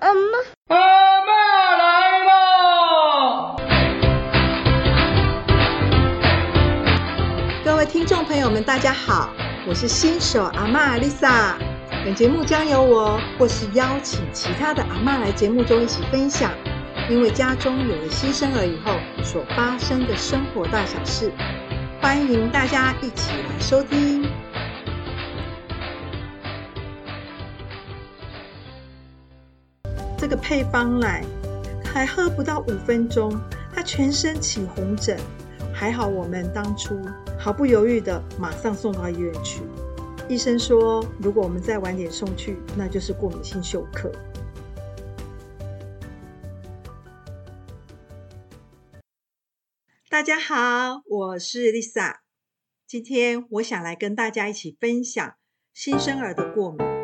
阿嬤，阿嬤來了！各位聽眾朋友們，大家好，我是新手阿嬤 Lisa。本節目將由我或是邀請其他的阿嬤來節目中一起分享，因為家中有了新生兒以後所發生的生活大小事，歡迎大家一起來收聽。這個配方奶還喝不到五分鐘，他全身起紅疹，還好我們當初毫不猶豫的馬上送到醫院去。醫生說，如果我們再晚點送去，那就是過敏性休克。大家好，我是 Lisa。今天我想來跟大家一起分享新生兒的過敏。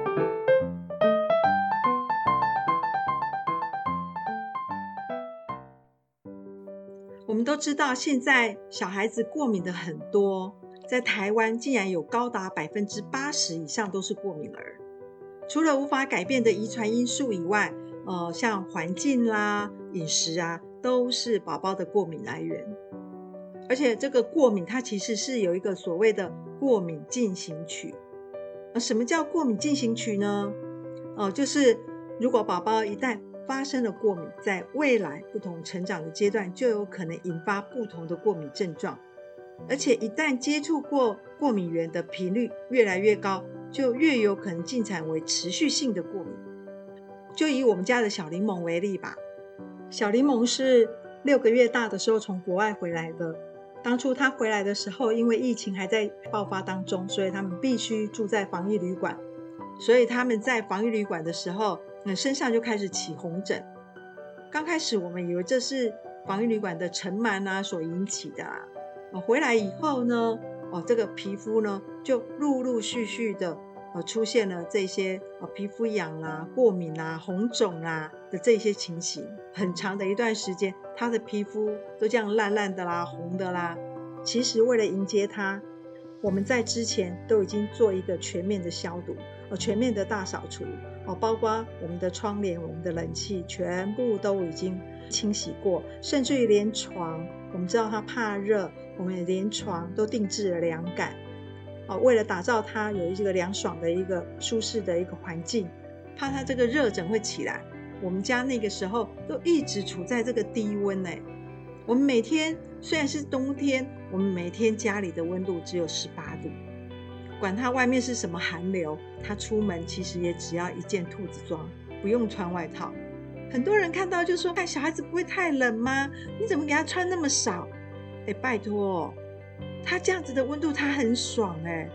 都知道現在小孩子過敏的很多，在台灣竟然有高達百分之八十以上都是過敏兒。除了無法改變的遺傳因素以外，呃，像環境啦、啊、飲食啊，都是寶寶的過敏來源。而且這個過敏它其實是有一個所謂的過敏進行曲。什麼叫過敏進行曲呢？哦、呃，就是如果寶寶一旦發生了過敏，在未來不同成長的階段，就有可能引發不同的過敏症狀。而且一旦接觸過過敏源的頻率越來越高，就越有可能進展為持續性的過敏。就以我們家的小檸檬為例吧，小檸檬是六個月大的時候從國外回來的。當初他回來的時候，因為疫情還在爆發當中，所以他們必須住在防疫旅館。所以他們在防疫旅館的時候，那身上就開始起紅疹，剛開始我們以為這是防疫旅館的塵蟎啊所引起的。啊回來以後呢，哦，這個皮膚呢就陸陸續續的呃出現了這些皮膚癢啦、啊、過敏啦、啊、紅腫啦、啊、的這些情形。很長的一段時間，他的皮膚都這樣爛爛的啦、紅的啦。其實為了迎接他，我們在之前都已經做一個全面的消毒，呃，全面的大掃除。哦，包括我們的窗簾、我們的冷氣，全部都已經清洗過，甚至於連床，我們知道它怕熱，我們也連床都定製了涼感。哦，為了打造它有一個涼爽的一個舒適的一個環境，怕它這個熱疹會起來，我們家那個時候都一直處在這個低溫呢、欸。我們每天雖然是冬天，我們每天家裡的溫度只有十八度。不管他外面是什麼寒流，他出門其實也只要一件兔子裝，不用穿外套。很多人看到就說：“哎，小孩子不會太冷嗎？你怎麼給他穿那麼少？”哎、欸，拜托，他這樣子的溫度他很爽哎、欸，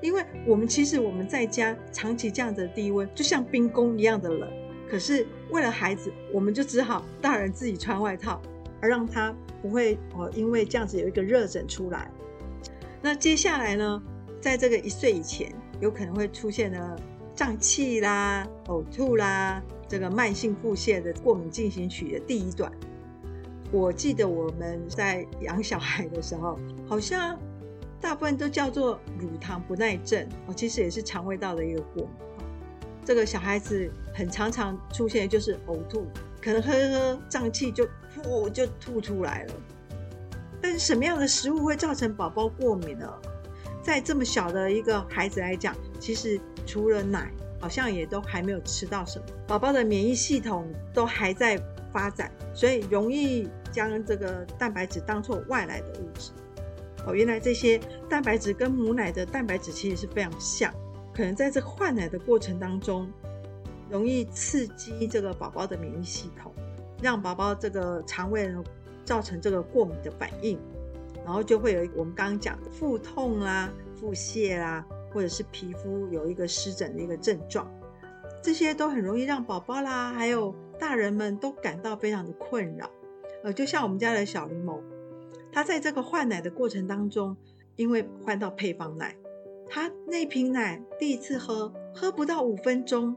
因為我們其實我們在家長期這樣子的低溫，就像冰宮一樣的冷。可是為了孩子，我們就只好大人自己穿外套，而讓他不會哦、呃，因為這樣子有一個熱疹出來。那接下來呢？在這個一歲以前，有可能會出現呢脹氣啦、嘔吐啦，這個慢性腹瀉的過敏進行曲的第一段。我記得我們在養小孩的時候，好像大部分都叫做乳糖不耐症，其實也是腸胃道的一個過敏。這個小孩子很常常出現的就是嘔吐，可能喝喝脹氣就噗，哦，就吐出來了。但什麼樣的食物會造成寶寶過敏呢？啊？在這麼小的一個孩子來講，其實除了奶，好像也都還沒有吃到什麼。寶寶的免疫系統都還在發展，所以容易將這個蛋白質當作外來的物質。哦，原來這些蛋白質跟母奶的蛋白質其實是非常像，可能在這換奶的過程當中，容易刺激這個寶寶的免疫系統，讓寶寶這個腸胃造成這個過敏的反應。然後就會有我們剛剛講腹痛啦、啊、腹瀉啦、啊，或者是皮膚有一個濕疹的一個症狀，這些都很容易讓寶寶啦，還有大人們都感到非常的困擾。呃，就像我們家的小檸檬，他在這個換奶的過程當中，因為換到配方奶，他那瓶奶第一次喝，喝不到五分鐘，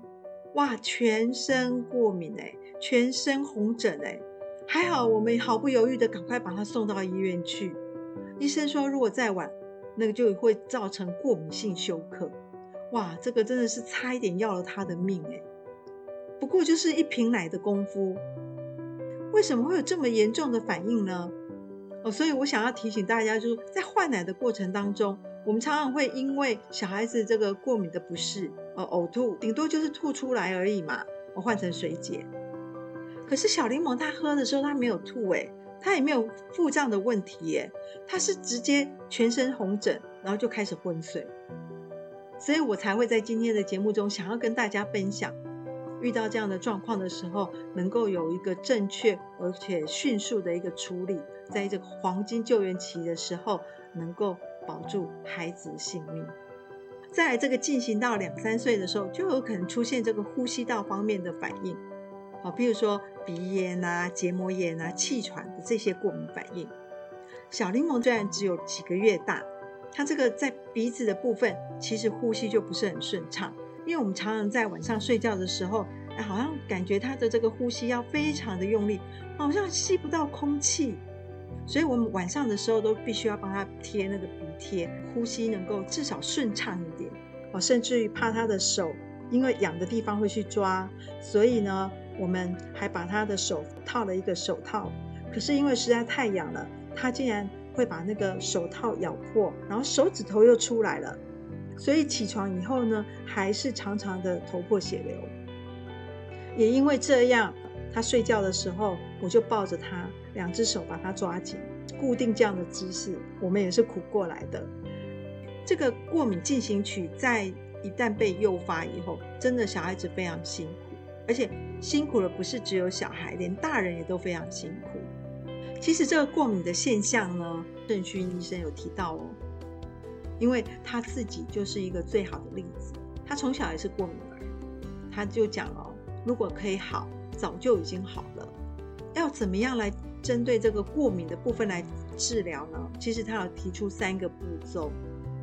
哇，全身過敏哎、欸，全身紅疹哎、欸，還好我們毫不猶豫的趕快把他送到醫院去。醫生說，如果再晚，那個就會造成過敏性休克。哇，這個真的是差一點要了他的命欸。不過就是一瓶奶的功夫，為什麼會有這麼嚴重的反應呢？哦，所以我想要提醒大家，就是在換奶的過程當中，我們常常會因為小孩子這個過敏的不適，而、呃、嘔吐，頂多就是吐出來而已嘛。我換成水解，可是小檸檬他喝的時候他沒有吐哎、欸。他也沒有腹脹的問題耶，他是直接全身紅疹，然後就開始昏睡，所以我才會在今天的節目中想要跟大家分享，遇到這樣的狀況的時候，能夠有一個正確而且迅速的一個處理，在這個黃金救援期的時候，能夠保住孩子的性命。再來，這個進行到兩三歲的時候，就有可能出現這個呼吸道方面的反應。哦，比如說鼻炎啊、結膜炎啊、氣喘啊、氣喘的這些過敏反應，小檸檬雖然只有幾個月大，它這個在鼻子的部分其實呼吸就不是很順暢，因為我們常常在晚上睡覺的時候，好像感覺它的這個呼吸要非常的用力，好像吸不到空氣，所以我們晚上的時候都必須要幫他貼那個鼻貼，呼吸能夠至少順暢一點。哦，甚至於怕他的手因為癢的地方會去抓，所以呢。我們還把他的手套了一個手套，可是因為實在太癢了，他竟然會把那個手套咬破，然後手指頭又出來了。所以起床以後呢，還是常常的頭破血流。也因為這樣，他睡覺的時候，我就抱着他，兩只手把他抓緊，固定這樣的姿勢。我們也是苦過來的。這個過敏進行曲在一旦被誘發以後，真的小孩子非常辛苦。而且辛苦的不是只有小孩，連大人也都非常辛苦。其實這個過敏的現象呢，鄭勳醫生有提到哦、喔，因為他自己就是一個最好的例子。他從小也是過敏兒，他就講哦、喔，如果可以好，早就已經好了。要怎麼樣來針對這個過敏的部分來治療呢？其實他有提出三個步驟，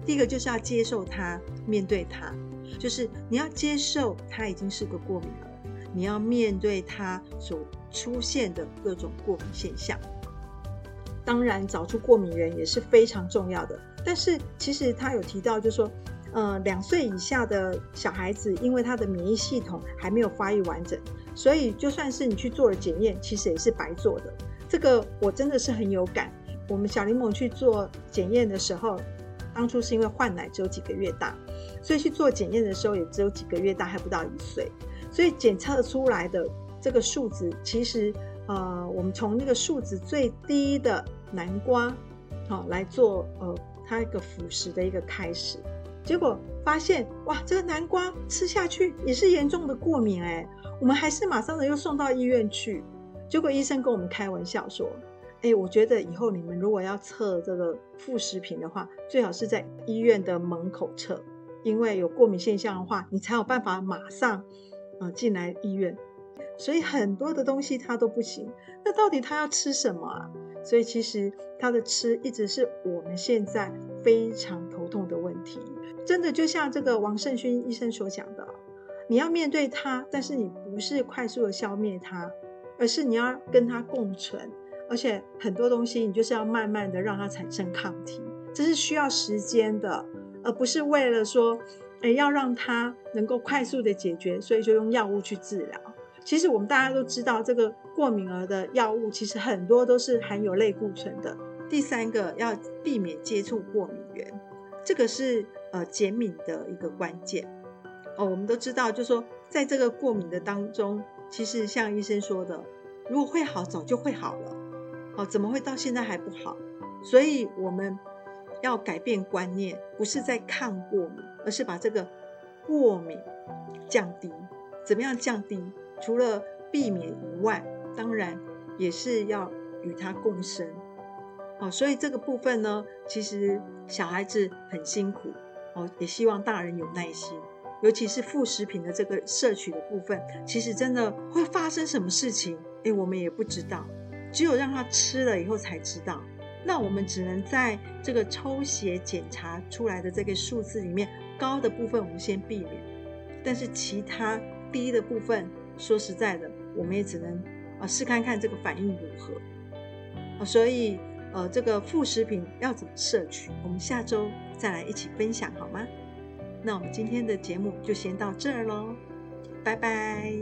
第一個就是要接受他，面對他，就是你要接受他已經是個過敏兒了。你要面對他所出現的各種過敏現象，當然找出過敏源也是非常重要的。但是其實他有提到，就是說，呃，兩歲以下的小孩子，因為他的免疫系統還沒有發育完整，所以就算是你去做了檢驗，其實也是白做的。這個我真的是很有感。我們小檸檬去做檢驗的時候，當初是因為換奶只有幾個月大，所以去做檢驗的時候也只有幾個月大，還不到一歲。所以檢測出來的這個數值，其實，呃，我們從那個數值最低的南瓜，好、哦、來做，呃，它一個輔食的一個開始。結果發現，哇，這個南瓜吃下去也是嚴重的過敏哎、欸！我們還是馬上的又送到醫院去。結果醫生跟我們開玩笑說：“哎、欸，我覺得以後你們如果要測這個副食品的話，最好是在醫院的門口測，因為有過敏現象的話，你才有辦法馬上。”進來醫院，所以很多的東西他都不行。那到底他要吃什麼啊？所以其實他的吃一直是我們現在非常頭痛的問題。真的就像這個王勝勳醫生所講的，你要面對他，但是你不是快速的消滅他，而是你要跟他共存，而且很多東西你就是要慢慢的讓他產生抗體，這是需要時間的，而不是為了說。誒、欸，要讓它能夠快速地解決，所以就用藥物去治療。其實我們大家都知道，這個過敏兒的藥物其實很多都是含有類固醇的。第三個要避免接觸過敏源，這個是呃減敏的一個關鍵。哦，我們都知道，就說在這個過敏的當中，其實像醫生說的，如果會好，早就會好了。哦，怎麼會到現在還不好？所以我們。要改變觀念，不是在抗過敏，而是把這個過敏降低。怎麼樣降低？除了避免以外，當然也是要與它共生。哦，所以這個部分呢，其實小孩子很辛苦哦，也希望大人有耐心。尤其是副食品的這個攝取的部分，其實真的會發生什麼事情，欸，我們也不知道，只有讓他吃了以後才知道。那我們只能在這個抽血檢查出來的這個數字裡面高的部分我們先避免，但是其他低的部分，說實在的，我們也只能啊試看看這個反應如何。所以呃，這個副食品要怎麼攝取，我們下周再來一起分享好嗎？那我們今天的節目就先到這兒嘍，拜拜。